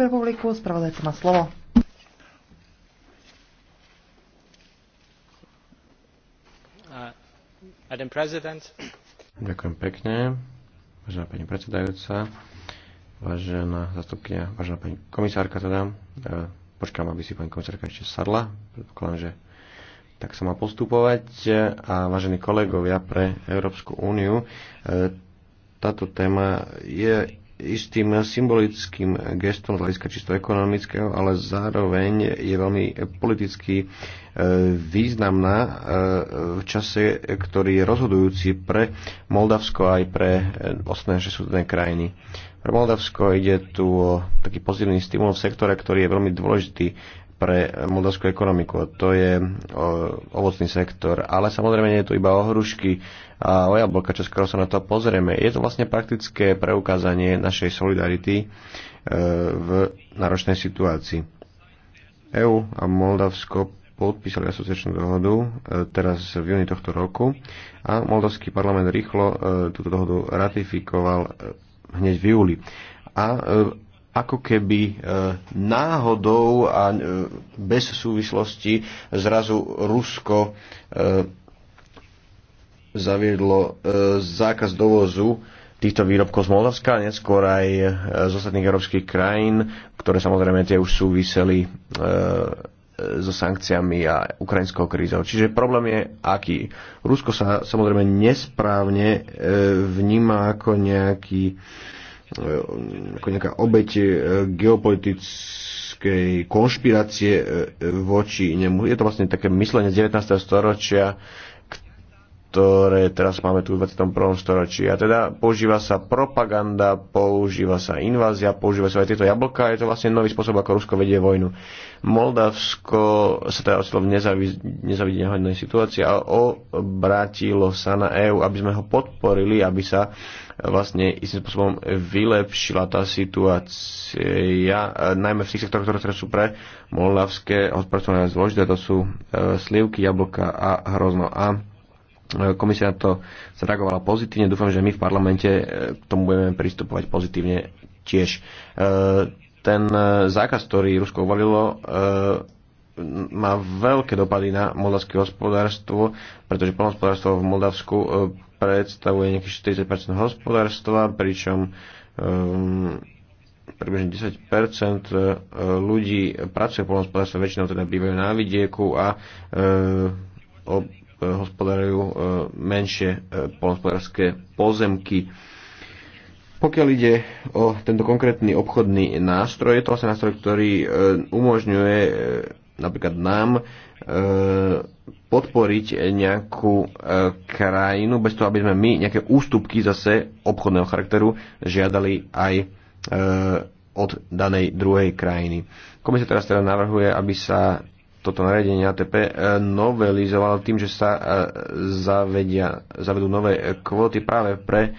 Prvú spravodajca má slovo. Uh, Ďakujem pekne, vážená pani predsedajúca, vážená zastupkynia, vážená pani komisárka teda. Uh, počkám, aby si pani komisárka ešte sadla, predpokladám, že tak sa má postupovať. A vážení kolegovia pre Európsku úniu, uh, táto téma je istým symbolickým gestom z hľadiska čisto ekonomického, ale zároveň je veľmi politicky e, významná e, v čase, ktorý je rozhodujúci pre Moldavsko aj pre e, ostatné súdne krajiny. Pre Moldavsko ide tu o taký pozitívny stimul v sektore, ktorý je veľmi dôležitý pre moldavskú ekonomiku. To je ovocný sektor. Ale samozrejme nie je to iba o hrušky a o jablka, čo skoro sa na to pozrieme. Je to vlastne praktické preukázanie našej solidarity e, v náročnej situácii. EU a Moldavsko podpísali asociačnú dohodu e, teraz v júni tohto roku a moldavský parlament rýchlo e, túto dohodu ratifikoval hneď v júli. A ako keby e, náhodou a e, bez súvislosti zrazu Rusko e, zaviedlo zákaz dovozu týchto výrobkov z Moldavska, neskôr aj z ostatných európskych krajín, ktoré samozrejme tie už súviseli e, so sankciami a ukrajinskou krízou. Čiže problém je aký. Rusko sa samozrejme nesprávne e, vníma ako nejaký e, Mm, ako nejaká obeď e, geopolitickej konšpirácie e, voči nemu. Je to vlastne také myslenie z 19. storočia, ktoré teraz máme tu v 21. storočí. A teda používa sa propaganda, používa sa invázia, používa sa aj tieto jablka. Je to vlastne nový spôsob, ako Rusko vedie vojnu. Moldavsko sa teda ocitlo v nezavidenehodnej situácii a obrátilo sa na EÚ, aby sme ho podporili, aby sa vlastne istým spôsobom vylepšila tá situácia, najmä v tých sektoroch, ktoré teraz sú pre moldavské hospodárstvo zložité, to sú e, slivky, jablka a hrozno. A e, komisia na to zareagovala pozitívne, dúfam, že my v parlamente e, k tomu budeme pristupovať pozitívne tiež. Ten zákaz, ktorý Rusko uvalilo, má veľké dopady na moldavské hospodárstvo, pretože plnohospodárstvo v Moldavsku predstavuje nejakých 40 hospodárstva, pričom um, približne 10 e, ľudí pracuje v polnohospodárstve, väčšinou teda bývajú na vidieku a uh, ob, uh, e, hospodarujú uh, menšie uh, polnohospodárske pozemky. Pokiaľ ide o tento konkrétny obchodný nástroj, je to vlastne nástroj, ktorý uh, umožňuje uh, napríklad nám E, podporiť nejakú e, krajinu bez toho, aby sme my nejaké ústupky zase obchodného charakteru žiadali aj e, od danej druhej krajiny. Komisia teraz teda navrhuje, aby sa toto nariadenie ATP novelizovalo tým, že sa zavedia, zavedú nové kvóty práve pre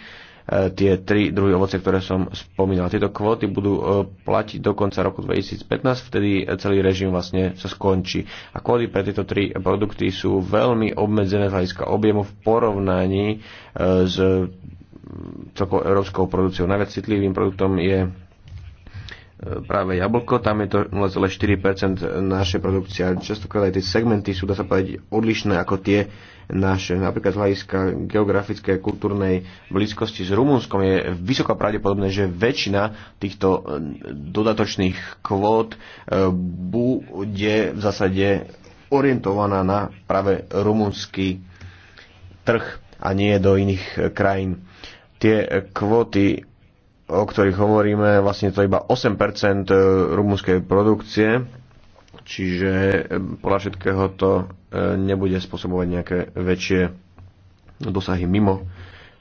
E, tie tri druhy ovoce, ktoré som spomínal. Tieto kvóty budú e, platiť do konca roku 2015, vtedy e, celý režim vlastne sa skončí. A kvóty pre tieto tri produkty sú veľmi obmedzené z hľadiska objemu v porovnaní s mm, celkovou európskou produkciou. Najviac citlivým produktom je práve jablko, tam je to 0,4% našej produkcie. A častokrát aj tie segmenty sú, dá sa povedať, odlišné ako tie naše. Napríklad z hľadiska geografickej, kultúrnej blízkosti s Rumunskom je vysoko pravdepodobné, že väčšina týchto eh, dodatočných kvót eh, bude v zásade orientovaná na práve rumunský trh a nie do iných eh, krajín. Tie kvóty o ktorých hovoríme, vlastne to je iba 8% e, rumúnskej produkcie, čiže e, podľa všetkého to e, nebude spôsobovať nejaké väčšie dosahy mimo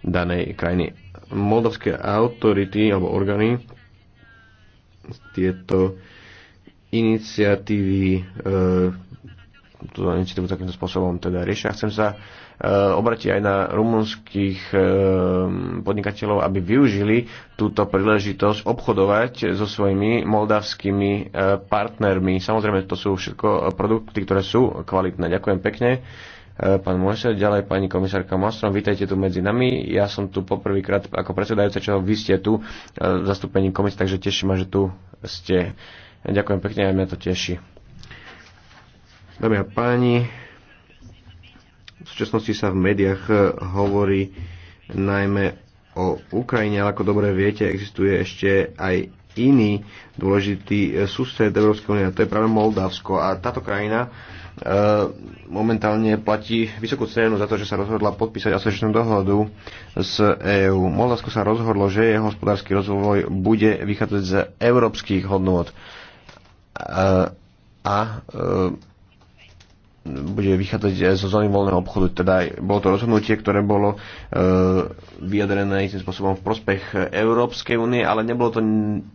danej krajiny. Moldovské autority alebo orgány tieto iniciatívy e, to iniciatívu takýmto spôsobom teda riešia. Chcem sa Eh, obratí aj na rumunských eh, podnikateľov, aby využili túto príležitosť obchodovať so svojimi moldavskými eh, partnermi. Samozrejme, to sú všetko produkty, ktoré sú kvalitné. Ďakujem pekne. Pán Mojse, ďalej pani komisárka Mastrom, vítajte tu medzi nami. Ja som tu poprvýkrát ako predsedajúca, čo vy ste tu zastúpení komisie, takže teším ma, že tu ste. Ďakujem pekne, aj mňa to teší. Dámy a páni, v súčasnosti sa v médiách e, hovorí najmä o Ukrajine, ale ako dobre viete, existuje ešte aj iný dôležitý e, sused Európskej únie, to je práve Moldavsko. A táto krajina e, momentálne platí vysokú cenu za to, že sa rozhodla podpísať asociačnú dohodu s EÚ. Moldavsko sa rozhodlo, že jeho hospodársky rozvoj bude vychádzať z európskych hodnôt. E, a e, bude vychádzať zo zóny voľného obchodu. Teda bolo to rozhodnutie, ktoré bolo e, vyjadrené istým spôsobom v prospech Európskej únie, ale nebolo to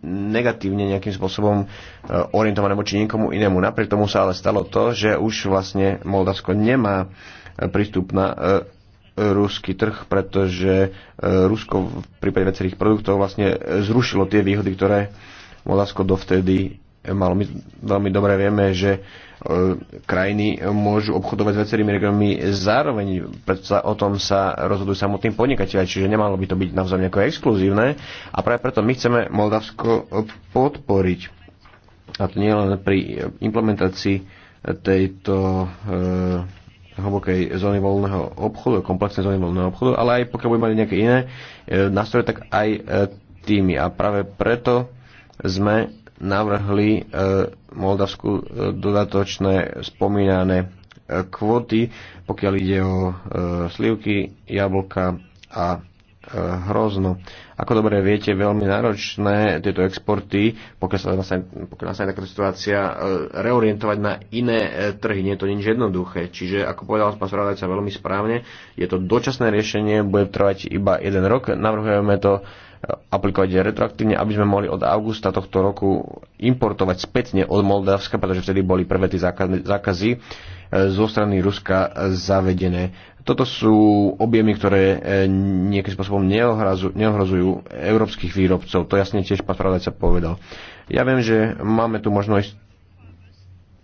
negatívne nejakým spôsobom e, orientované voči niekomu inému. Napriek tomu sa ale stalo to, že už vlastne Moldavsko nemá e, prístup na e, ruský trh, pretože e, Rusko v prípade viacerých produktov vlastne e, zrušilo tie výhody, ktoré Moldavsko dovtedy malo. My veľmi dobre vieme, že e, krajiny môžu obchodovať s viacerými regiónmi zároveň, predsa o tom sa rozhodujú samotní podnikatelia, čiže nemalo by to byť navzájom nejako exkluzívne a práve preto my chceme Moldavsko podporiť. A to nie len pri implementácii tejto e, hlbokej zóny voľného obchodu, komplexnej zóny voľného obchodu, ale aj pokiaľ budeme mať nejaké iné e, nástroje, tak aj e, tými. A práve preto sme navrhli e, Moldavsku e, dodatočné spomínané e, kvóty, pokiaľ ide o slivky, jablka a hrozno. Ako dobre viete, veľmi náročné tieto exporty, pokiaľ sa nastane, pokiaľ nastane takáto situácia, reorientovať na iné trhy. Nie je to nič jednoduché. Čiže, ako povedal pán spravodajca veľmi správne, je to dočasné riešenie, bude trvať iba jeden rok. Navrhujeme to aplikovať retroaktívne, aby sme mohli od augusta tohto roku importovať spätne od Moldavska, pretože vtedy boli prvé tie zákazy e, zo strany Ruska zavedené. Toto sú objemy, ktoré e, nejakým spôsobom neohrazu, neohrozujú európskych výrobcov. To jasne tiež pán sa povedal. Ja viem, že máme tu možnosť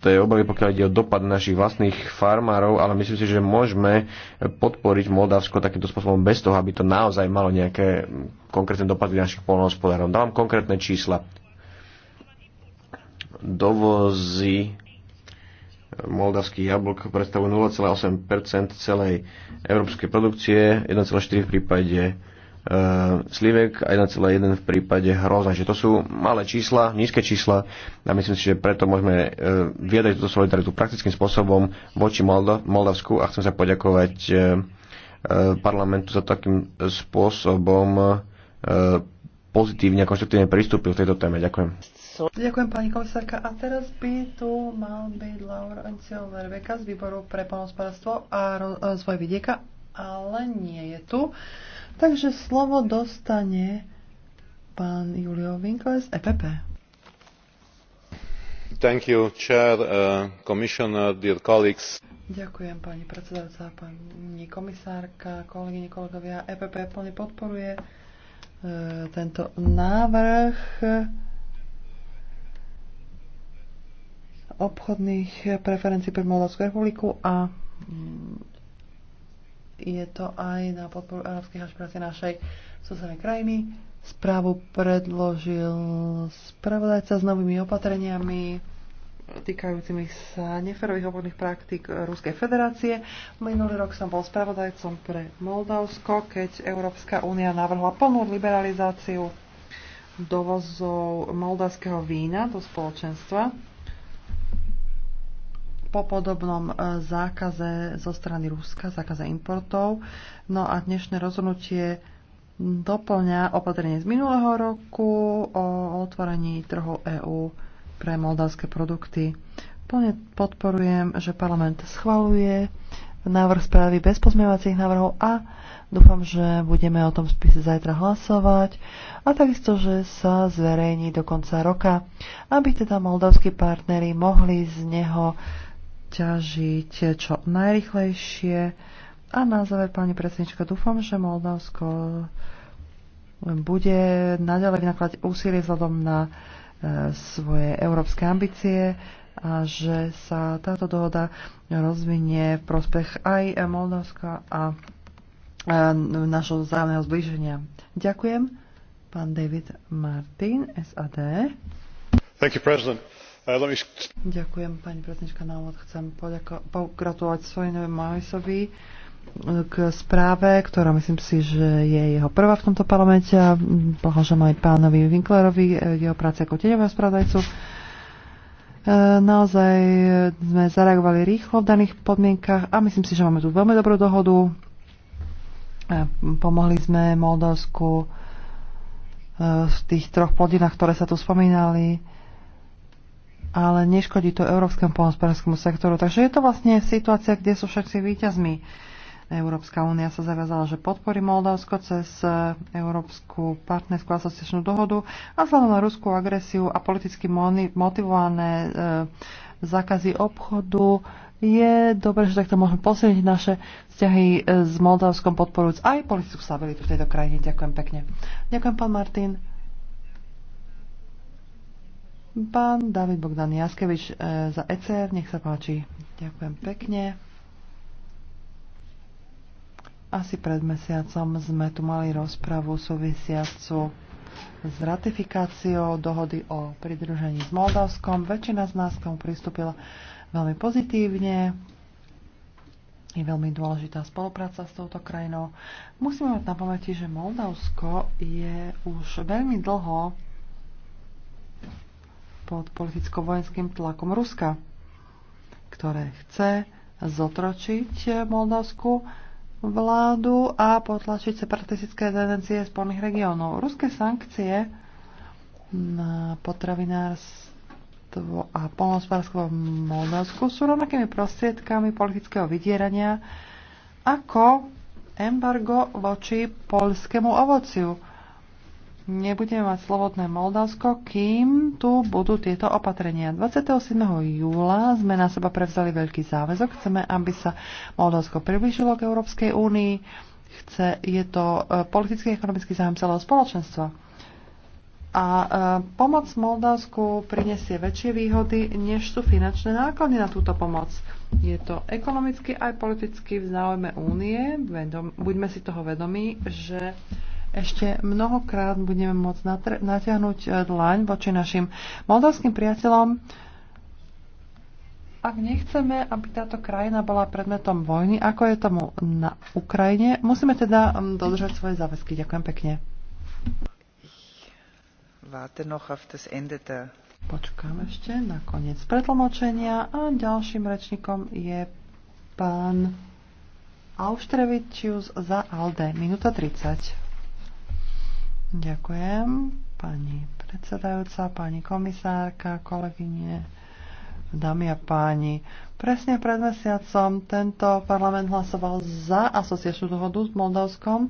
tej obavy, pokiaľ ide o dopad našich vlastných farmárov, ale myslím si, že môžeme podporiť Moldavsko takýmto spôsobom bez toho, aby to naozaj malo nejaké konkrétne dopady našich polnohospodárov. Dávam konkrétne čísla. Dovozy moldavských jablok predstavujú 0,8 celej európskej produkcie, 1,4 v prípade Eh, slivek a 1,1 v prípade hroza. Že to sú malé čísla, nízke čísla a myslím si, že preto môžeme eh, viedať túto solidaritu praktickým spôsobom voči Moldavsku a chcem sa poďakovať eh, parlamentu za takým spôsobom pozitívne a konštruktívne prístupy v tejto téme. Ďakujem. Ďakujem pani komisárka. A teraz by tu mal byť Laurencio Verveka z výboru pre poľnohospodárstvo a rozvoj e, vidieka, ale nie je tu. Takže slovo dostane pán Julio Winkler z EPP. Thank you, chair, uh, commissioner, dear colleagues. Ďakujem pani predsedajúca, pani komisárka, kolegyne, kolegovia. EPP plne podporuje uh, tento návrh obchodných preferencií pre Moldavskú republiku a mm, je to aj na podporu arabských hašpirácie našej susednej krajiny. Správu predložil spravodajca s novými opatreniami týkajúcimi sa neferových obchodných praktík Ruskej federácie. Minulý rok som bol spravodajcom pre Moldavsko, keď Európska únia navrhla plnú liberalizáciu dovozov moldavského vína do spoločenstva po podobnom e, zákaze zo strany Ruska, zákaze importov. No a dnešné rozhodnutie doplňa opatrenie z minulého roku o otvorení trhu EÚ pre moldavské produkty. Plne podporujem, že parlament schvaluje návrh správy bez pozmievacích návrhov a dúfam, že budeme o tom spise zajtra hlasovať a takisto, že sa zverejní do konca roka, aby teda moldavskí partnery mohli z neho ťažiť čo najrychlejšie. A na záver, pani predsednička, dúfam, že Moldavsko bude naďalej vynakladať úsilie vzhľadom na e, svoje európske ambície a že sa táto dohoda rozvinie v prospech aj Moldavska a e, našho vzájomného zblíženia. Ďakujem. Pán David Martin, SAD. Thank you, President. Ďakujem, pani predsednička, na úvod chcem pogratulovať Svojinovi Majsovi k správe, ktorá myslím si, že je jeho prvá v tomto parlamente a blahoželám aj pánovi Winklerovi eh, jeho práce ako tieňového spravodajcu. Eh, naozaj sme zareagovali rýchlo v daných podmienkach a myslím si, že máme tu veľmi dobrú dohodu. Eh, pomohli sme Moldavsku v tých troch plodinách, ktoré sa tu spomínali ale neškodí to európskemu pohospodárskému sektoru. Takže je to vlastne situácia, kde sú všetci víťazmi. Európska únia sa zaviazala, že podporí Moldavsko cez e, Európsku partnerskú asociačnú dohodu a vzhľadom na ruskú agresiu a politicky motivované e, zákazy obchodu je dobré, že takto môžeme posilniť naše vzťahy e, s Moldavskom, podporujúc aj politickú stabilitu v tejto krajine. Ďakujem pekne. Ďakujem, pán Martin. Pán David Bogdan Jaskevič eh, za ECR, nech sa páči. Ďakujem pekne. Asi pred mesiacom sme tu mali rozpravu súvisiacu s ratifikáciou dohody o pridružení s Moldavskom. Väčšina z nás k tomu pristúpila veľmi pozitívne. Je veľmi dôležitá spolupráca s touto krajinou. Musíme mať na pamäti, že Moldavsko je už veľmi dlho pod politicko-vojenským tlakom Ruska, ktoré chce zotročiť moldavskú vládu a potlačiť separatistické tendencie spolných regiónov. Ruské sankcie na potravinárstvo a polnohospodárstvo v Moldavsku sú rovnakými prostriedkami politického vydierania ako embargo voči polskému ovociu nebudeme mať slobodné Moldavsko, kým tu budú tieto opatrenia. 27. júla sme na seba prevzali veľký záväzok. Chceme, aby sa Moldavsko približilo k Európskej únii. Chce, je to e, politický a ekonomický zájem celého spoločenstva. A e, pomoc Moldavsku prinesie väčšie výhody, než sú finančné náklady na túto pomoc. Je to ekonomicky aj politicky v záujme únie. Vedom, buďme si toho vedomí, že ešte mnohokrát budeme môcť natiahnuť e, dlaň voči našim moldavským priateľom, ak nechceme, aby táto krajina bola predmetom vojny, ako je tomu na Ukrajine, musíme teda dodržať svoje záväzky. Ďakujem pekne. Počkám ešte na koniec pretlmočenia a ďalším rečníkom je pán Austrevičius za ALDE. Minúta 30. Ďakujem, pani predsedajúca, pani komisárka, kolegyne, dámy a páni. Presne pred mesiacom tento parlament hlasoval za asociačnú dohodu s Moldavskom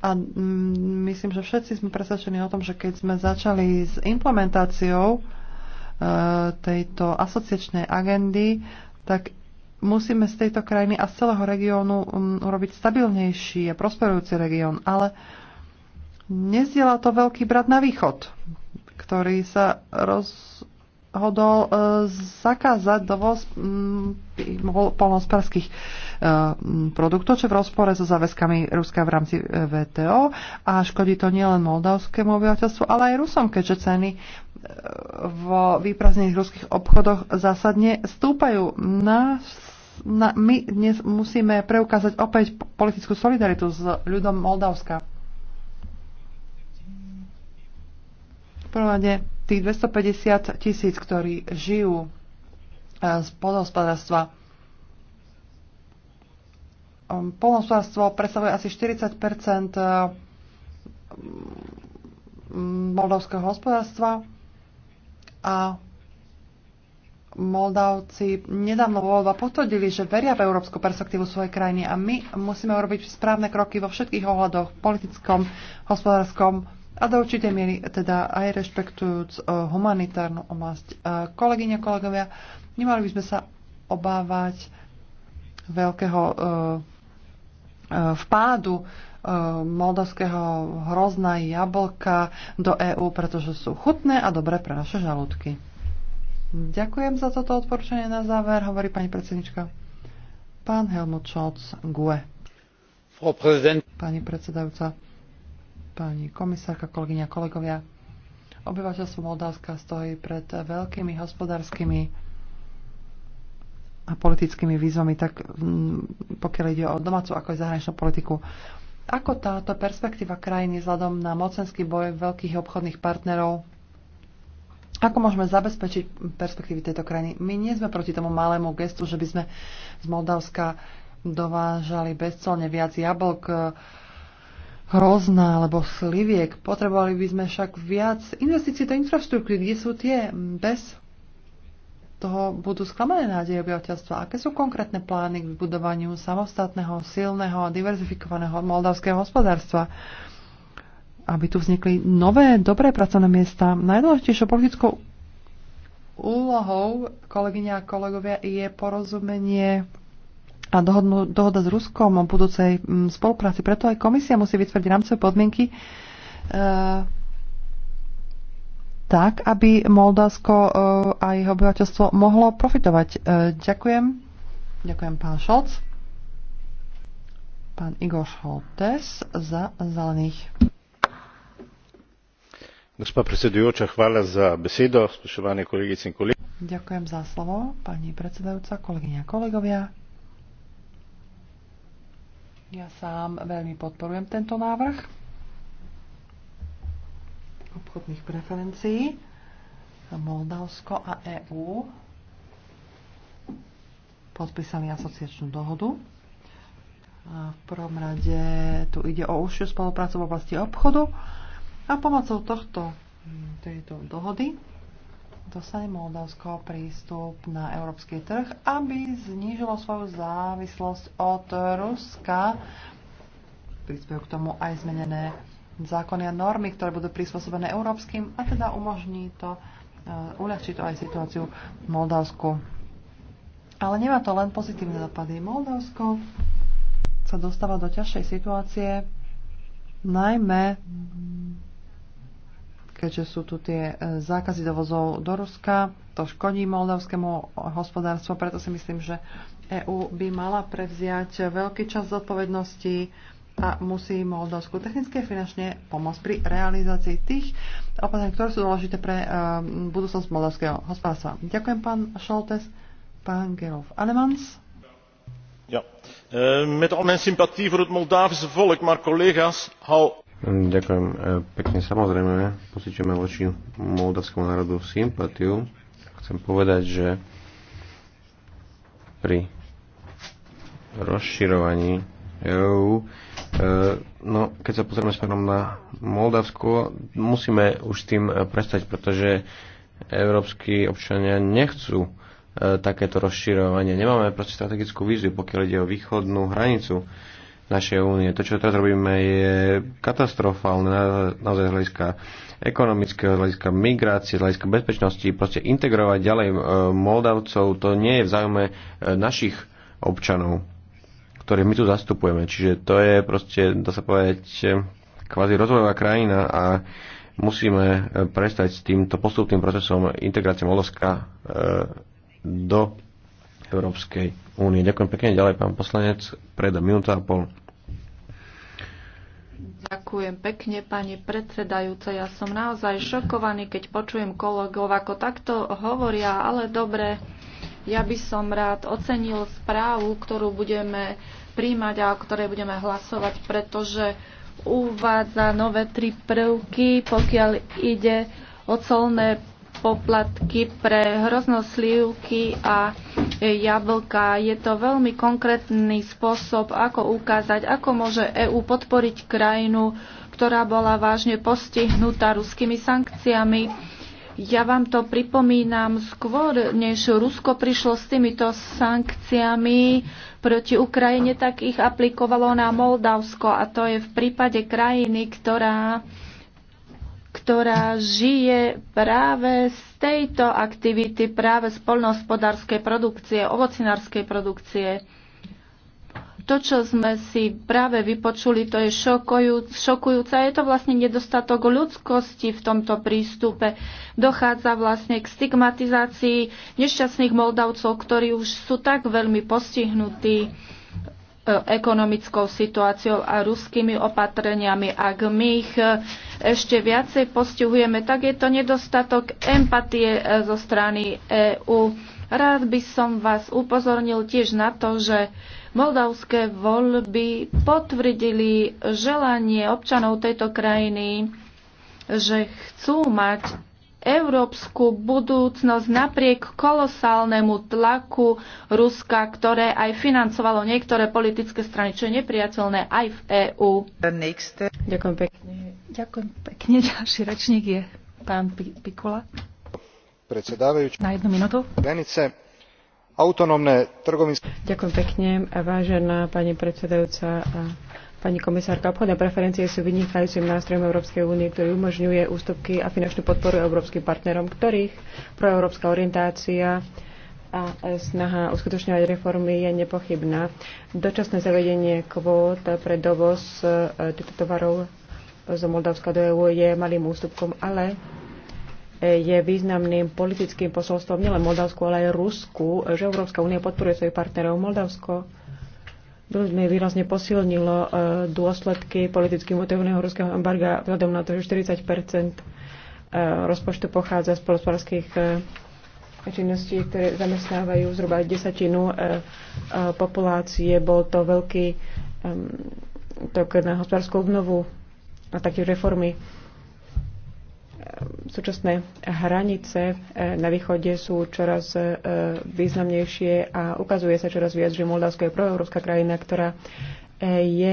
a mm, myslím, že všetci sme presvedčení o tom, že keď sme začali s implementáciou e, tejto asociačnej agendy, tak musíme z tejto krajiny a z celého regiónu mm, urobiť stabilnejší a prosperujúci región. Ale Nezdiela to veľký brat na východ, ktorý sa rozhodol e, zakázať dovoz mm, polnospárských e, mm, produktov, čo v rozpore so záväzkami Ruska v rámci e, VTO a škodí to nielen moldavskému obyvateľstvu, ale aj Rusom, keďže ceny e, vo výprazných ruských obchodoch zásadne stúpajú. Na, na, my dnes musíme preukázať opäť politickú solidaritu s ľudom Moldavska. prvom rade tých 250 tisíc, ktorí žijú eh, z polnohospodárstva. Ehm, Polnohospodárstvo predstavuje asi 40 eh, mm, moldovského hospodárstva a Moldavci nedávno vo voľba potvrdili, že veria v európsku perspektívu svojej krajiny a my musíme urobiť správne kroky vo všetkých ohľadoch, politickom, hospodárskom, a do určitej miery teda aj rešpektujúc eh, humanitárnu oblasť. Eh, kolegyne, kolegovia, nemali by sme sa obávať veľkého eh, vpádu moldavského hrozna jablka do EÚ, pretože sú chutné a dobré pre naše žalúdky. Ďakujem za toto odporúčanie na záver, hovorí pani predsednička. Pán Helmut Scholz, GUE. Pani predsedajúca, pani komisárka, kolegyňa, kolegovia. Obyvateľstvo Moldavska stojí pred veľkými hospodárskymi a politickými výzvami, tak mm, pokiaľ ide o domácu ako aj zahraničnú politiku. Ako táto perspektíva krajiny vzhľadom na mocenský boj veľkých obchodných partnerov, ako môžeme zabezpečiť perspektívy tejto krajiny? My nie sme proti tomu malému gestu, že by sme z Moldavska dovážali bezcelne viac jablk, hrozná alebo sliviek. Potrebovali by sme však viac investícií do infraštruktúry. Kde sú tie? Bez toho budú sklamané nádeje obyvateľstva. Aké sú konkrétne plány k vybudovaniu samostatného, silného a diverzifikovaného moldavského hospodárstva? Aby tu vznikli nové, dobré pracovné miesta. Najdôležitejšou politickou úlohou, kolegyňa a kolegovia, je porozumenie a dohodnú, dohoda s Ruskom o budúcej mm, spolupráci. Preto aj komisia musí vytvrdiť rámcové podmienky e, tak, aby Moldavsko e, a jeho obyvateľstvo mohlo profitovať. E, ďakujem. Ďakujem pán Šolc. Pán Igor Šoltes za zelených. Gospa predsedujúča, chvála za besedo, spoštovane kolegice in kolegy. Ďakujem za slovo, pani predsedajúca, kolegyňa, kolegovia. Ja sám veľmi podporujem tento návrh obchodných preferencií Moldavsko a EÚ podpísali asociačnú dohodu. A v prvom rade tu ide o užšiu spoluprácu v oblasti obchodu a pomocou tohto tejto dohody dostane Moldavsko prístup na európsky trh, aby znížilo svoju závislosť od Ruska. Prispiejú k tomu aj zmenené zákony a normy, ktoré budú prispôsobené európskym a teda umožní to, eh, uľahčí to aj situáciu v Moldavsku. Ale nemá to len pozitívne dopady. Moldavsko sa dostáva do ťažšej situácie, najmä keďže sú tu tie e, zákazy dovozov do Ruska. To škodí moldavskému hospodárstvu, preto si myslím, že EÚ by mala prevziať veľký čas zodpovednosti a musí Moldavsku technicky a finančne pomôcť pri realizácii tých opatrení, ktoré sú dôležité pre e, budúcnosť moldavského hospodárstva. Ďakujem pán Šoltes, pán Gerov Alemans. Ja. Uh, met al mijn sympathie voor het Moldavische volk, maar collega's, hou Ďakujem e, pekne. Samozrejme, posíčame voči moldavskému národu sympatiu. Chcem povedať, že pri rozširovaní EU, e, No, keď sa pozrieme smerom na Moldavsko, musíme už s tým e, prestať, pretože európsky občania nechcú takéto rozširovanie. Nemáme proste strategickú víziu, pokiaľ ide o východnú hranicu našej únie. To, čo teraz robíme, je katastrofálne na, naozaj z hľadiska ekonomického, z hľadiska migrácie, z hľadiska bezpečnosti. Proste integrovať ďalej e, Moldavcov, to nie je v záujme e, našich občanov, ktorých my tu zastupujeme. Čiže to je proste, dá sa povedať, e, kvázi rozvojová krajina a musíme prestať s týmto postupným procesom integrácie Moldavska do Európskej únie. Ďakujem pekne. Ďalej pán poslanec, preda minúta a pol. Ďakujem pekne, pani predsedajúca. Ja som naozaj šokovaný, keď počujem kolegov, ako takto hovoria, ale dobre, ja by som rád ocenil správu, ktorú budeme príjmať a o ktorej budeme hlasovať, pretože uvádza nové tri prvky, pokiaľ ide o colné poplatky pre hroznoslivky a jablka. Je to veľmi konkrétny spôsob, ako ukázať, ako môže EÚ podporiť krajinu, ktorá bola vážne postihnutá ruskými sankciami. Ja vám to pripomínam skôr, než Rusko prišlo s týmito sankciami proti Ukrajine, tak ich aplikovalo na Moldavsko a to je v prípade krajiny, ktorá, ktorá žije práve z tejto aktivity práve z polnohospodárskej produkcie, ovocinárskej produkcie. To, čo sme si práve vypočuli, to je šokujúce. Je to vlastne nedostatok ľudskosti v tomto prístupe. Dochádza vlastne k stigmatizácii nešťastných Moldavcov, ktorí už sú tak veľmi postihnutí E, ekonomickou situáciou a ruskými opatreniami. Ak my ich e, ešte viacej postihujeme, tak je to nedostatok empatie e, zo strany EÚ. Rád by som vás upozornil tiež na to, že moldavské voľby potvrdili želanie občanov tejto krajiny, že chcú mať európsku budúcnosť napriek kolosálnemu tlaku Ruska, ktoré aj financovalo niektoré politické strany, čo je nepriateľné aj v EÚ. Ďakujem pekne. Ďakujem pekne. Ďalší rečník je pán Pikula. Predsedávajúč. Na jednu minútu. Venice. autonómne trgovinské... Ďakujem pekne, vážená pani predsedajúca. A Pani komisárka, obchodné preferencie sú vynikajúcim nástrojom Európskej únie, ktorý umožňuje ústupky a finančnú podporu európskym partnerom, ktorých proeurópska orientácia a snaha uskutočňovať reformy je nepochybná. Dočasné zavedenie kvót pre dovoz e, týchto tovarov zo Moldavska do EÚ je malým ústupkom, ale e, je významným politickým posolstvom nielen Moldavsku, ale aj Rusku, že Európska únia podporuje svojich partnerov. Moldavsko veľmi výrazne posilnilo e, dôsledky politicky motivovaného ruského embarga vzhľadom na to, že 40 e, rozpočtu pochádza z polospodárských e, činností, ktoré zamestnávajú zhruba desatinu populácie. Bol to veľký tok na hospodárskú obnovu a taktiež reformy Súčasné hranice e, na východe sú čoraz e, významnejšie a ukazuje sa čoraz viac, že Moldavsko je proeurópska krajina, ktorá e, je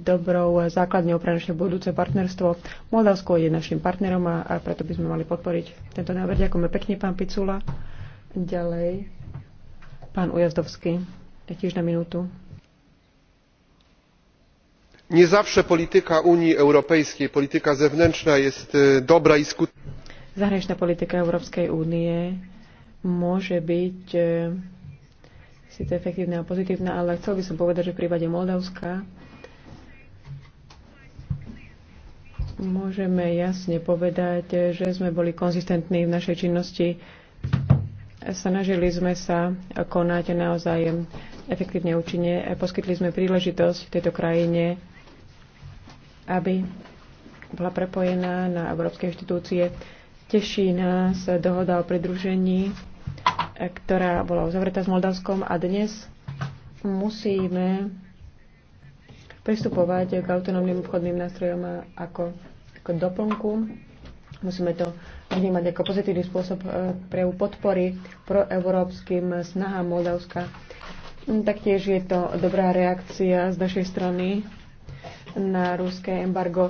dobrou základňou pre naše budúce partnerstvo. Moldavsko je našim partnerom a preto by sme mali podporiť tento návrh. Ďakujeme pekne, pán Picula. Ďalej, pán Ujazdovský, tiež na minútu. Nie zawsze polityka Unii Europejskiej, polityka zewnętrzna jest dobra i skuteczna Zahraničná politika Európskej únie môže byť síce efektívna a pozitívna, ale chcel by som povedať, že v prípade Moldavska môžeme jasne povedať, že sme boli konzistentní v našej činnosti. Snažili sme sa konať naozaj efektívne účinne. Poskytli sme príležitosť v tejto krajine, aby bola prepojená na európske inštitúcie. Teší nás dohoda o pridružení, ktorá bola uzavretá s Moldavskom a dnes musíme pristupovať k autonómnym obchodným nástrojom ako, ako doplnku. Musíme to vnímať ako pozitívny spôsob eh, pre podpory európskym snahám Moldavska. Taktiež je to dobrá reakcia z našej strany na ruské embargo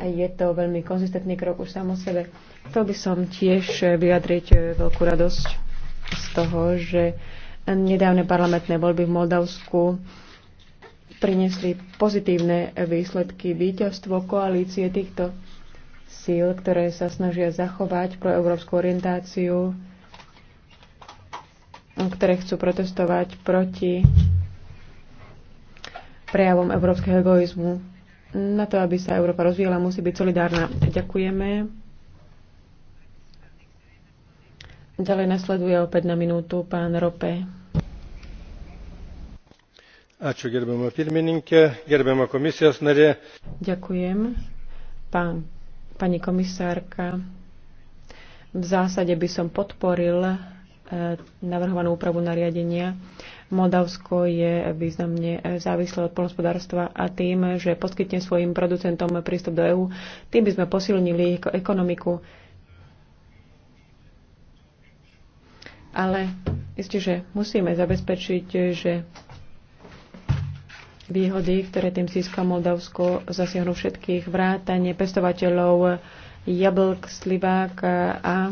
je to veľmi konzistentný krok už samo o sebe. To by som tiež vyjadriť eh, veľkú radosť z toho, že nedávne parlamentné voľby v Moldavsku priniesli pozitívne výsledky víťazstvo koalície týchto síl, ktoré sa snažia zachovať pro európsku orientáciu, ktoré chcú protestovať proti prejavom európskeho egoizmu na to, aby sa Európa rozvíjala, musí byť solidárna. Ďakujeme. Ďalej nasleduje opäť na minútu pán Rope. Ačiū gerbiamo pirmininkė, gerbiamo komisia snere. Ďakujem. Pán, pani komisárka, v zásade by som podporil eh, navrhovanú úpravu nariadenia. Moldavsko je významne závislé od polnospodárstva a tým, že poskytne svojim producentom prístup do EÚ, tým by sme posilnili ekonomiku. Ale isté, že musíme zabezpečiť, že výhody, ktoré tým získa Moldavsko, zasiahnu všetkých vrátanie pestovateľov jablk, slivák a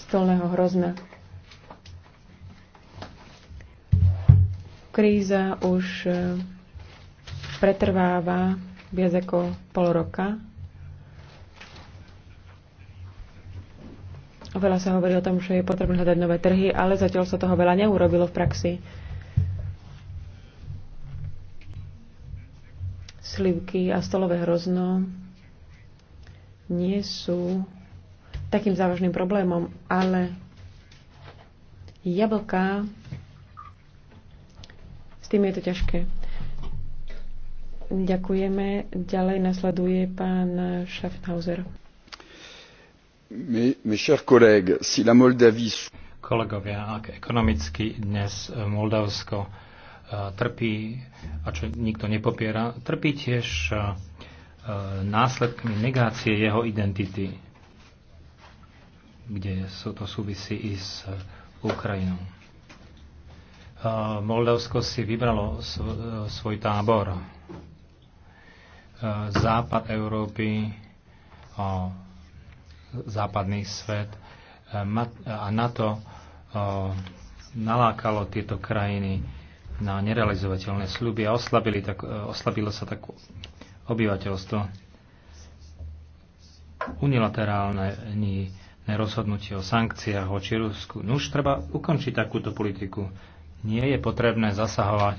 stolného hrozna. Kríza už e, pretrváva viac ako pol roka. Veľa sa hovorí o tom, že je potrebné hľadať nové trhy, ale zatiaľ sa toho veľa neurobilo v praxi. Slivky a stolové hrozno nie sú takým závažným problémom, ale jablká s tým je to ťažké. Ďakujeme. Ďalej nasleduje pán Schaffhauser. Kolegovia, ak ekonomicky dnes eh, Moldavsko eh, trpí, a čo nikto nepopiera, trpí tiež eh, následkami negácie jeho identity, kde sú to súvisí i s Ukrajinou. Eh, Moldavsko si vybralo eh, svoj tábor. Eh, Západ Európy, západný svet a NATO nalákalo tieto krajiny na nerealizovateľné sluby a oslabili tak, oslabilo sa tak obyvateľstvo. Unilaterálne nerozhodnutie o sankciách voči Rusku. No už treba ukončiť takúto politiku. Nie je potrebné zasahovať,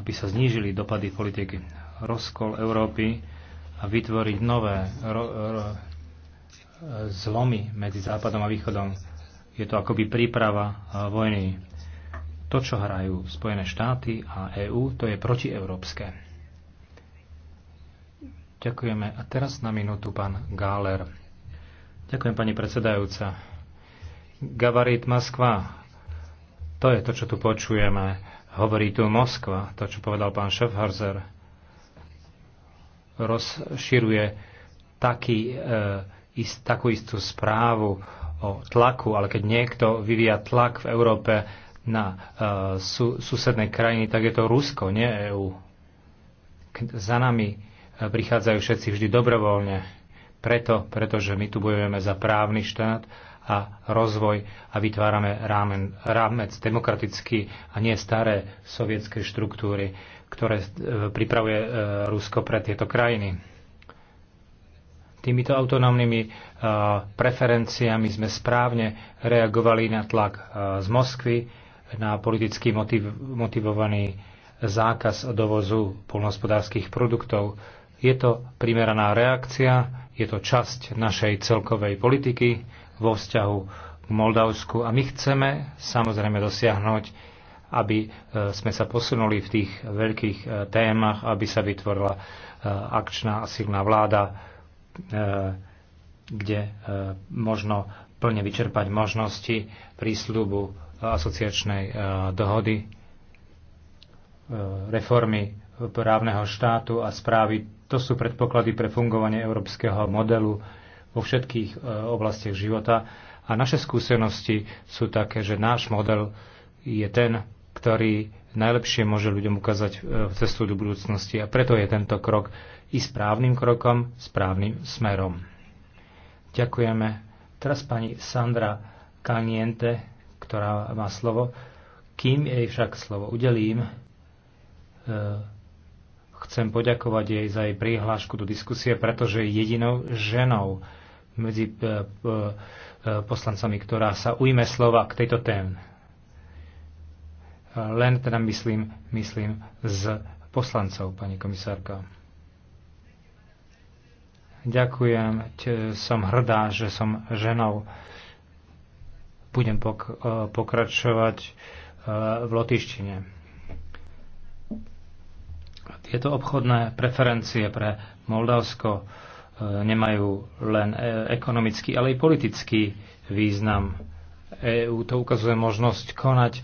aby sa znížili dopady politiky. Rozkol Európy a vytvoriť nové ro, ro, zlomy medzi Západom a Východom. Je to akoby príprava e, vojny. To, čo hrajú Spojené štáty a EÚ, to je protieurópske. Ďakujeme. A teraz na minútu pán Gáler. Ďakujem, pani predsedajúca gabarit Moskva. To je to, čo tu počujeme. Hovorí tu Moskva, to, čo povedal pán Schaffharzer. Rozširuje taký, e, ist, takú istú správu o tlaku, ale keď niekto vyvíja tlak v Európe na e, eh, su, susedné krajiny, tak je to Rusko, nie EÚ. Za nami eh, prichádzajú všetci vždy dobrovoľne. Preto, pretože my tu bojujeme za právny štát a rozvoj a vytvárame rámen, rámec demokratický a nie staré sovietské štruktúry, ktoré e, pripravuje e, Rusko pre tieto krajiny. Týmito autonómnymi e, preferenciami sme správne reagovali na tlak z Moskvy, na politicky motiv, motivovaný zákaz dovozu polnohospodárskych produktov. Je to primeraná reakcia, je to časť našej celkovej politiky, vo vzťahu k Moldavsku. A my chceme samozrejme dosiahnuť, aby e, sme sa posunuli v tých veľkých e, témach, aby sa vytvorila e, akčná a silná vláda, kde možno plne vyčerpať možnosti prísľubu asociačnej dohody, reformy právneho štátu a správy. To sú predpoklady pre fungovanie európskeho modelu, vo všetkých e, oblastiach života. A naše skúsenosti sú také, že náš model je ten, ktorý najlepšie môže ľuďom ukázať e, cestu do budúcnosti. A preto je tento krok i správnym krokom, správnym smerom. Ďakujeme. Teraz pani Sandra Kaniente, ktorá má slovo. Kým jej však slovo udelím, e, chcem poďakovať jej za jej prihlášku do diskusie, pretože je jedinou ženou medzi eh, eh, poslancami, ktorá sa ujme slova k tejto téme. Eh, len teda myslím, myslím z poslancov, pani komisárka. Ďakujem, som hrdá, že som ženou. Budem pok- pokračovať v lotištine. Tieto obchodné preferencie pre Moldavsko E, nemajú len e, ekonomický, ale i politický význam. EÚ to ukazuje možnosť konať e,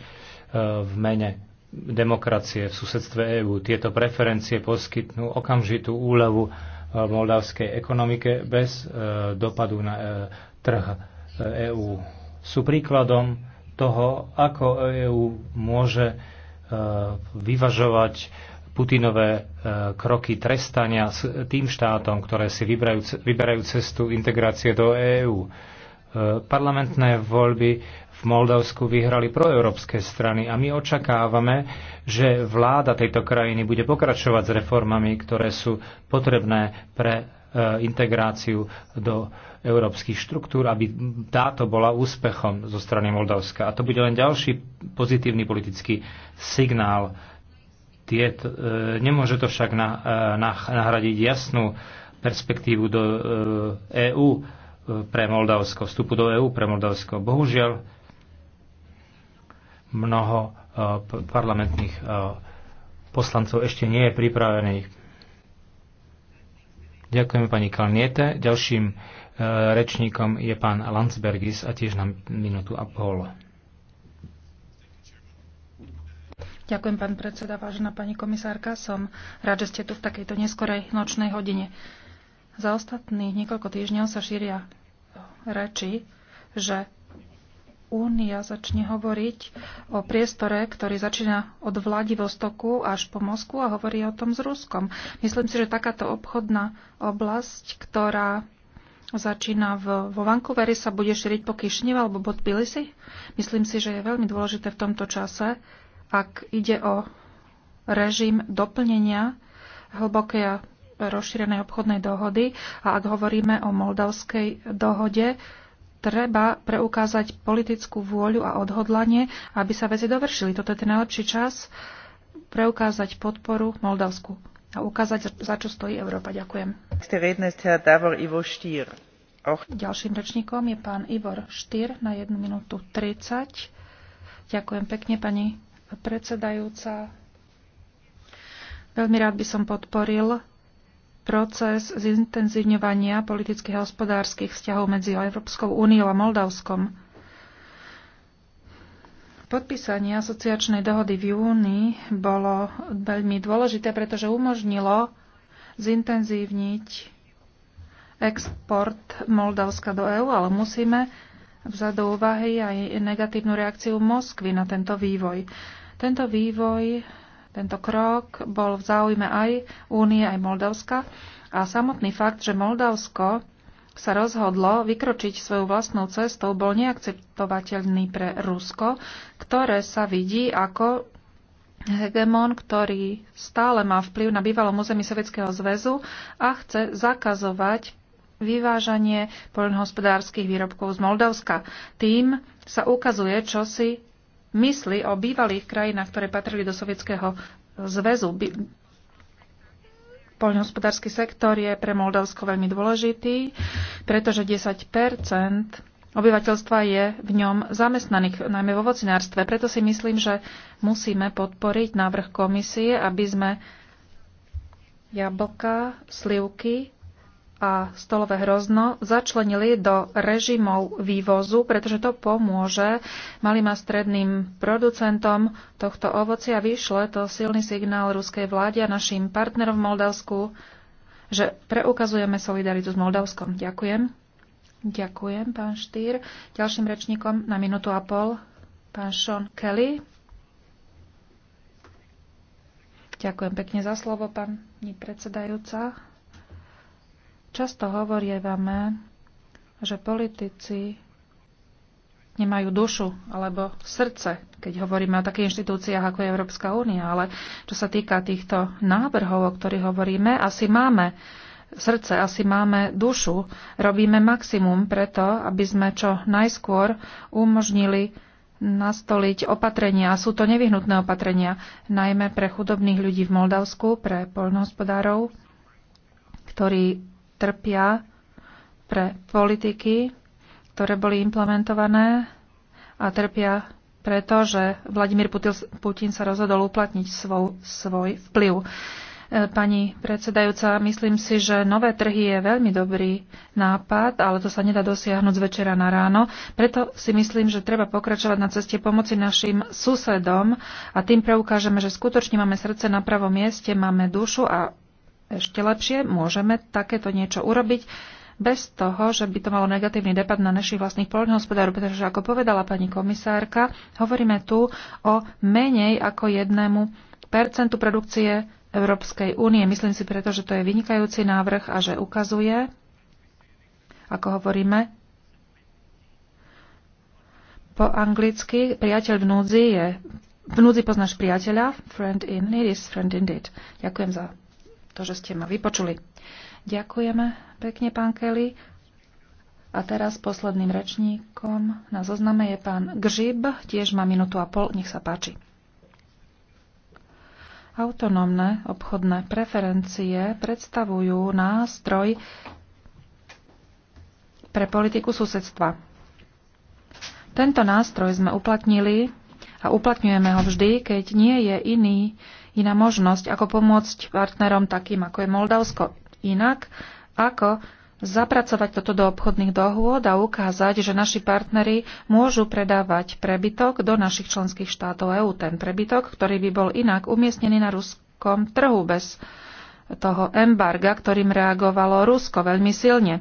v mene demokracie v susedstve EÚ. Tieto preferencie poskytnú okamžitú úlevu moldavskej ekonomike bez dopadu na trh EÚ. Sú príkladom toho, ako EÚ môže vyvažovať Putinové e, kroky trestania s tým štátom, ktoré si vyberajú, vyberajú cestu integrácie do EÚ. E, parlamentné voľby v Moldavsku vyhrali proeurópske strany a my očakávame, že vláda tejto krajiny bude pokračovať s reformami, ktoré sú potrebné pre e, integráciu do európskych štruktúr, aby táto bola úspechom zo strany Moldavska. A to bude len ďalší pozitívny politický signál Tiet, e, nemôže to však e, nahradiť jasnú perspektívu do EÚ e pre Moldavsko, vstupu do EÚ pre Moldavsko. Bohužiaľ, mnoho parlamentných poslancov ešte nie je pripravených. Ďakujem pani Kalniete. Ďalším rečníkom je pán Landsbergis a tiež na minútu a pol. Ďakujem, pán predseda, vážená pani komisárka. Som rád, že ste tu v takejto neskorej nočnej hodine. Za ostatných niekoľko týždňov sa šíria reči, že Únia začne hovoriť o priestore, ktorý začína od Vladivostoku až po Moskvu a hovorí o tom s Ruskom. Myslím si, že takáto obchodná oblasť, ktorá začína v, vo Vancouveri, sa bude šíriť po Kišnev alebo pod Tbilisi. Myslím si, že je veľmi dôležité v tomto čase ak ide o režim doplnenia hlbokej a rozšírenej obchodnej dohody a ak hovoríme o moldavskej dohode, treba preukázať politickú vôľu a odhodlanie, aby sa veci dovršili. Toto je ten najlepší čas preukázať podporu Moldavsku a ukázať, za čo stojí Európa. Ďakujem. Ďalším rečníkom je pán Ivor Štýr na 1 minútu 30. Ďakujem pekne, pani predsedajúca. Veľmi rád by som podporil proces zintenzívňovania politických a hospodárskych vzťahov medzi Európskou úniou a Moldavskom. Podpísanie asociačnej dohody v júni bolo veľmi dôležité, pretože umožnilo zintenzívniť export Moldavska do EÚ, ale musíme vzadu do úvahy aj negatívnu reakciu Moskvy na tento vývoj. Tento vývoj, tento krok bol v záujme aj Únie, aj Moldavska a samotný fakt, že Moldavsko sa rozhodlo vykročiť svoju vlastnou cestou, bol neakceptovateľný pre Rusko, ktoré sa vidí ako hegemon, ktorý stále má vplyv na bývalom území Sovjetského zväzu a chce zakazovať vyvážanie poľnohospodárskych výrobkov z Moldavska. Tým sa ukazuje, čo si mysli o bývalých krajinách, ktoré patrili do Sovietskeho zväzu. Poľnohospodársky sektor je pre Moldavsko veľmi dôležitý, pretože 10 obyvateľstva je v ňom zamestnaných, najmä vo vocinárstve. Preto si myslím, že musíme podporiť návrh komisie, aby sme jablka, slivky a stolové hrozno začlenili do režimov vývozu, pretože to pomôže malým a stredným producentom tohto ovocia. Vyšle to silný signál ruskej vláde a našim partnerom v Moldavsku, že preukazujeme solidaritu s Moldavskom. Ďakujem. Ďakujem, pán Štýr. Ďalším rečníkom na minútu a pol, pán Sean Kelly. Ďakujem pekne za slovo, pani predsedajúca. Často hovorievame, že politici nemajú dušu alebo srdce, keď hovoríme o takých inštitúciách ako je Európska únia, ale čo sa týka týchto návrhov, o ktorých hovoríme, asi máme srdce, asi máme dušu. Robíme maximum preto, aby sme čo najskôr umožnili nastoliť opatrenia. Sú to nevyhnutné opatrenia, najmä pre chudobných ľudí v Moldavsku, pre poľnohospodárov, ktorí trpia pre politiky, ktoré boli implementované a trpia preto, že Vladimír Putin sa rozhodol uplatniť svoj, svoj vplyv. E, pani predsedajúca, myslím si, že nové trhy je veľmi dobrý nápad, ale to sa nedá dosiahnuť z večera na ráno. Preto si myslím, že treba pokračovať na ceste pomoci našim susedom a tým preukážeme, že skutočne máme srdce na pravom mieste, máme dušu a ešte lepšie. Môžeme takéto niečo urobiť bez toho, že by to malo negatívny dopad na našich vlastných poľnohospodárov, pretože ako povedala pani komisárka, hovoríme tu o menej ako jednému percentu produkcie Európskej únie. Myslím si preto, že to je vynikajúci návrh a že ukazuje, ako hovoríme, po anglicky priateľ v núdzi je v núdzi poznáš priateľa, friend in need is friend indeed. Ďakujem za to, že ste ma vypočuli. Ďakujeme pekne, pán Kelly. A teraz posledným rečníkom na zozname je pán Gžib, tiež má minútu a pol, nech sa páči. Autonómne obchodné preferencie predstavujú nástroj pre politiku susedstva. Tento nástroj sme uplatnili a uplatňujeme ho vždy, keď nie je iný iná možnosť, ako pomôcť partnerom takým, ako je Moldavsko. Inak, ako zapracovať toto do obchodných dohôd a ukázať, že naši partnery môžu predávať prebytok do našich členských štátov EÚ. Ten prebytok, ktorý by bol inak umiestnený na ruskom trhu bez toho embarga, ktorým reagovalo Rusko veľmi silne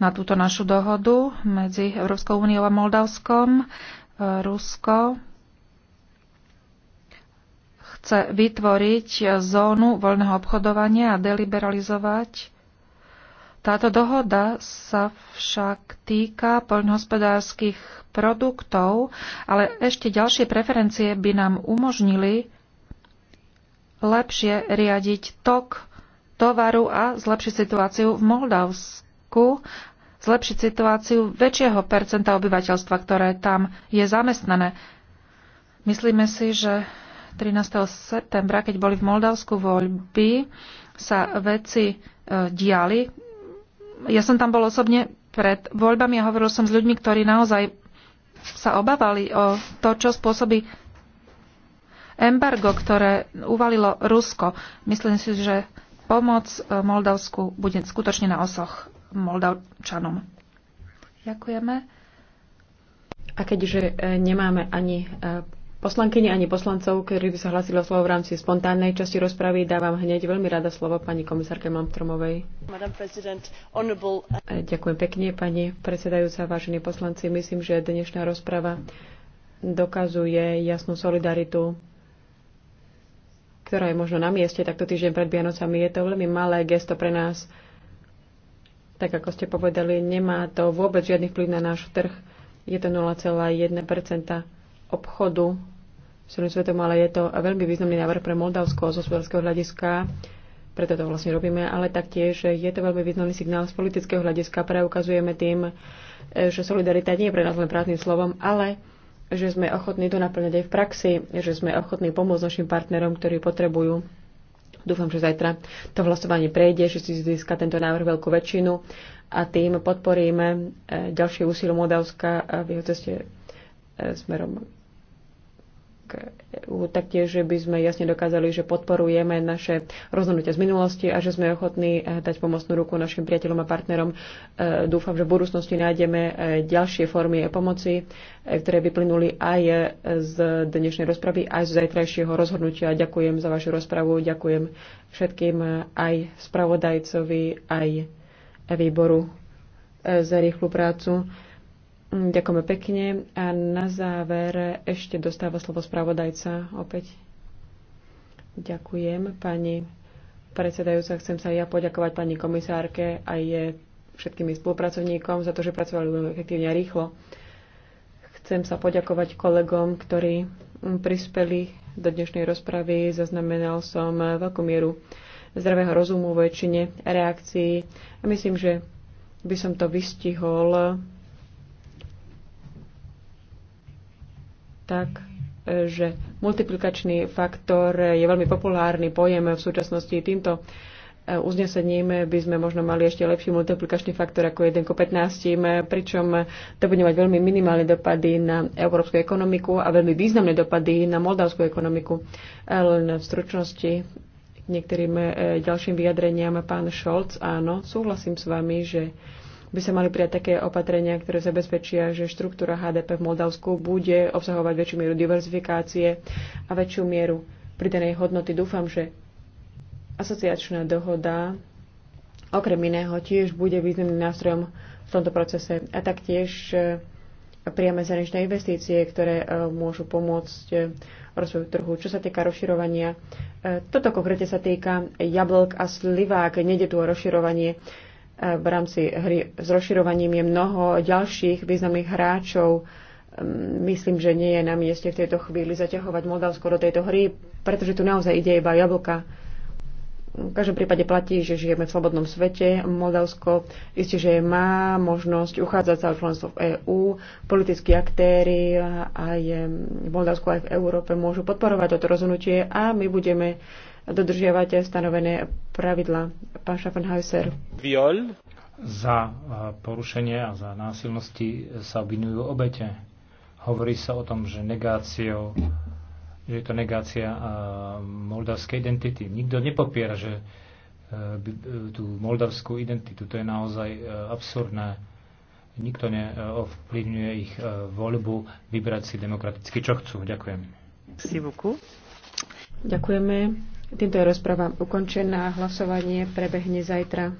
na túto našu dohodu medzi Európskou úniou a Moldavskom. Eh, Rusko chce vytvoriť zónu voľného obchodovania a deliberalizovať. Táto dohoda sa však týka poľnohospodárskych produktov, ale ešte ďalšie preferencie by nám umožnili lepšie riadiť tok tovaru a zlepšiť situáciu v Moldavsku, zlepšiť situáciu väčšieho percenta obyvateľstva, ktoré tam je zamestnané. Myslíme si, že 13. septembra, keď boli v Moldavsku voľby, sa veci e, diali. Ja som tam bol osobne pred voľbami a hovoril som s ľuďmi, ktorí naozaj sa obávali o to, čo spôsobí embargo, ktoré uvalilo Rusko. Myslím si, že pomoc e, Moldavsku bude skutočne na osoch Moldavčanom. Ďakujeme. A keďže e, nemáme ani e, Poslankyne ani poslancov, ktorí by sa hlasili o slovo v rámci spontánnej časti rozpravy, dávam hneď veľmi rada slovo pani komisárke Mamtromovej. E, ďakujem pekne, pani predsedajúca, vážení poslanci. Myslím, že dnešná rozprava dokazuje jasnú solidaritu ktorá je možno na mieste takto týždeň pred Vianocami. Je to veľmi malé gesto pre nás. Tak ako ste povedali, nemá to vôbec žiadny vplyv na náš trh. Je to 0,1 obchodu celým svetom, ale je to veľmi významný návrh pre Moldavsko z hospodárskeho hľadiska, preto to vlastne robíme, ale taktiež je to veľmi významný signál z politického hľadiska, preukazujeme tým, že solidarita nie je pre nás len prázdnym slovom, ale že sme ochotní to naplňať aj v praxi, že sme ochotní pomôcť našim partnerom, ktorí potrebujú. Dúfam, že zajtra to hlasovanie prejde, že si získa tento návrh veľkú väčšinu a tým podporíme eh, ďalšie úsilie Moldavska eh, v jeho ceste eh, smerom k EU, by sme jasne dokázali, že podporujeme naše rozhodnutia z minulosti a že sme ochotní eh, dať pomocnú ruku našim priateľom a partnerom. Eh, dúfam, že v budúcnosti nájdeme eh, ďalšie formy pomoci, ktoré vyplynuli aj z dnešnej rozpravy, aj z zajtrajšieho rozhodnutia. Ďakujem za vašu rozpravu, ďakujem všetkým aj spravodajcovi, aj výboru za rýchlu prácu. Mm, ďakujeme pekne. A na záver ešte dostáva slovo spravodajca opäť. Ďakujem, pani predsedajúca. Chcem sa ja poďakovať pani komisárke a je všetkým spolupracovníkom za to, že pracovali veľmi efektívne a rýchlo. Chcem sa poďakovať kolegom, ktorí mm, prispeli do dnešnej rozpravy. Zaznamenal som veľkú mieru zdravého rozumu vo väčšine reakcií. A myslím, že by som to vystihol tak, že multiplikačný faktor je veľmi populárny pojem v súčasnosti. Týmto e, uznesením by sme možno mali ešte lepší multiplikačný faktor ako 1 ko 15, pričom to bude mať veľmi minimálne dopady na európsku ekonomiku a veľmi významné dopady na moldavskú ekonomiku. E, len v stručnosti k niektorým e, ďalším vyjadreniam pán Šolc, áno, súhlasím s vami, že by sa mali prijať také opatrenia, ktoré zabezpečia, že štruktúra HDP v Moldavsku bude obsahovať väčšiu mieru diverzifikácie a väčšiu mieru pridanej hodnoty. Dúfam, že asociačná dohoda okrem iného tiež bude významným nástrojom v tomto procese a taktiež eh, priame zahraničné investície, ktoré eh, môžu pomôcť eh, rozvoju trhu. Čo sa týka rozširovania, toto konkrétne sa týka jablok a slivák, nejde tu o rozširovanie v rámci hry s rozširovaním je mnoho ďalších významných hráčov. Hm, myslím, že nie je na mieste v tejto chvíli zaťahovať Moldavsko do tejto hry, pretože tu naozaj ide iba jablka. V každom prípade platí, že žijeme v slobodnom svete. Moldavsko isté, že má možnosť uchádzať sa o členstvo v EÚ. Politickí aktéry aj hm, v Moldavsku, aj v Európe môžu podporovať toto rozhodnutie a my budeme dodržiavate stanovené pravidla. Pán Schaffenhauser. Viol. Za eh, porušenie a za násilnosti sa obvinujú obete. Hovorí sa o tom, že negáciou že je to negácia eh, moldavskej identity. Nikto nepopiera, že eh, tú moldavskú identitu. To je naozaj absurdné. Nikto neovplyvňuje ich voľbu vybrať si demokraticky, čo chcú. Ďakujem. Ďakujeme. Týmto je rozpráva ukončená. Hlasovanie prebehne zajtra.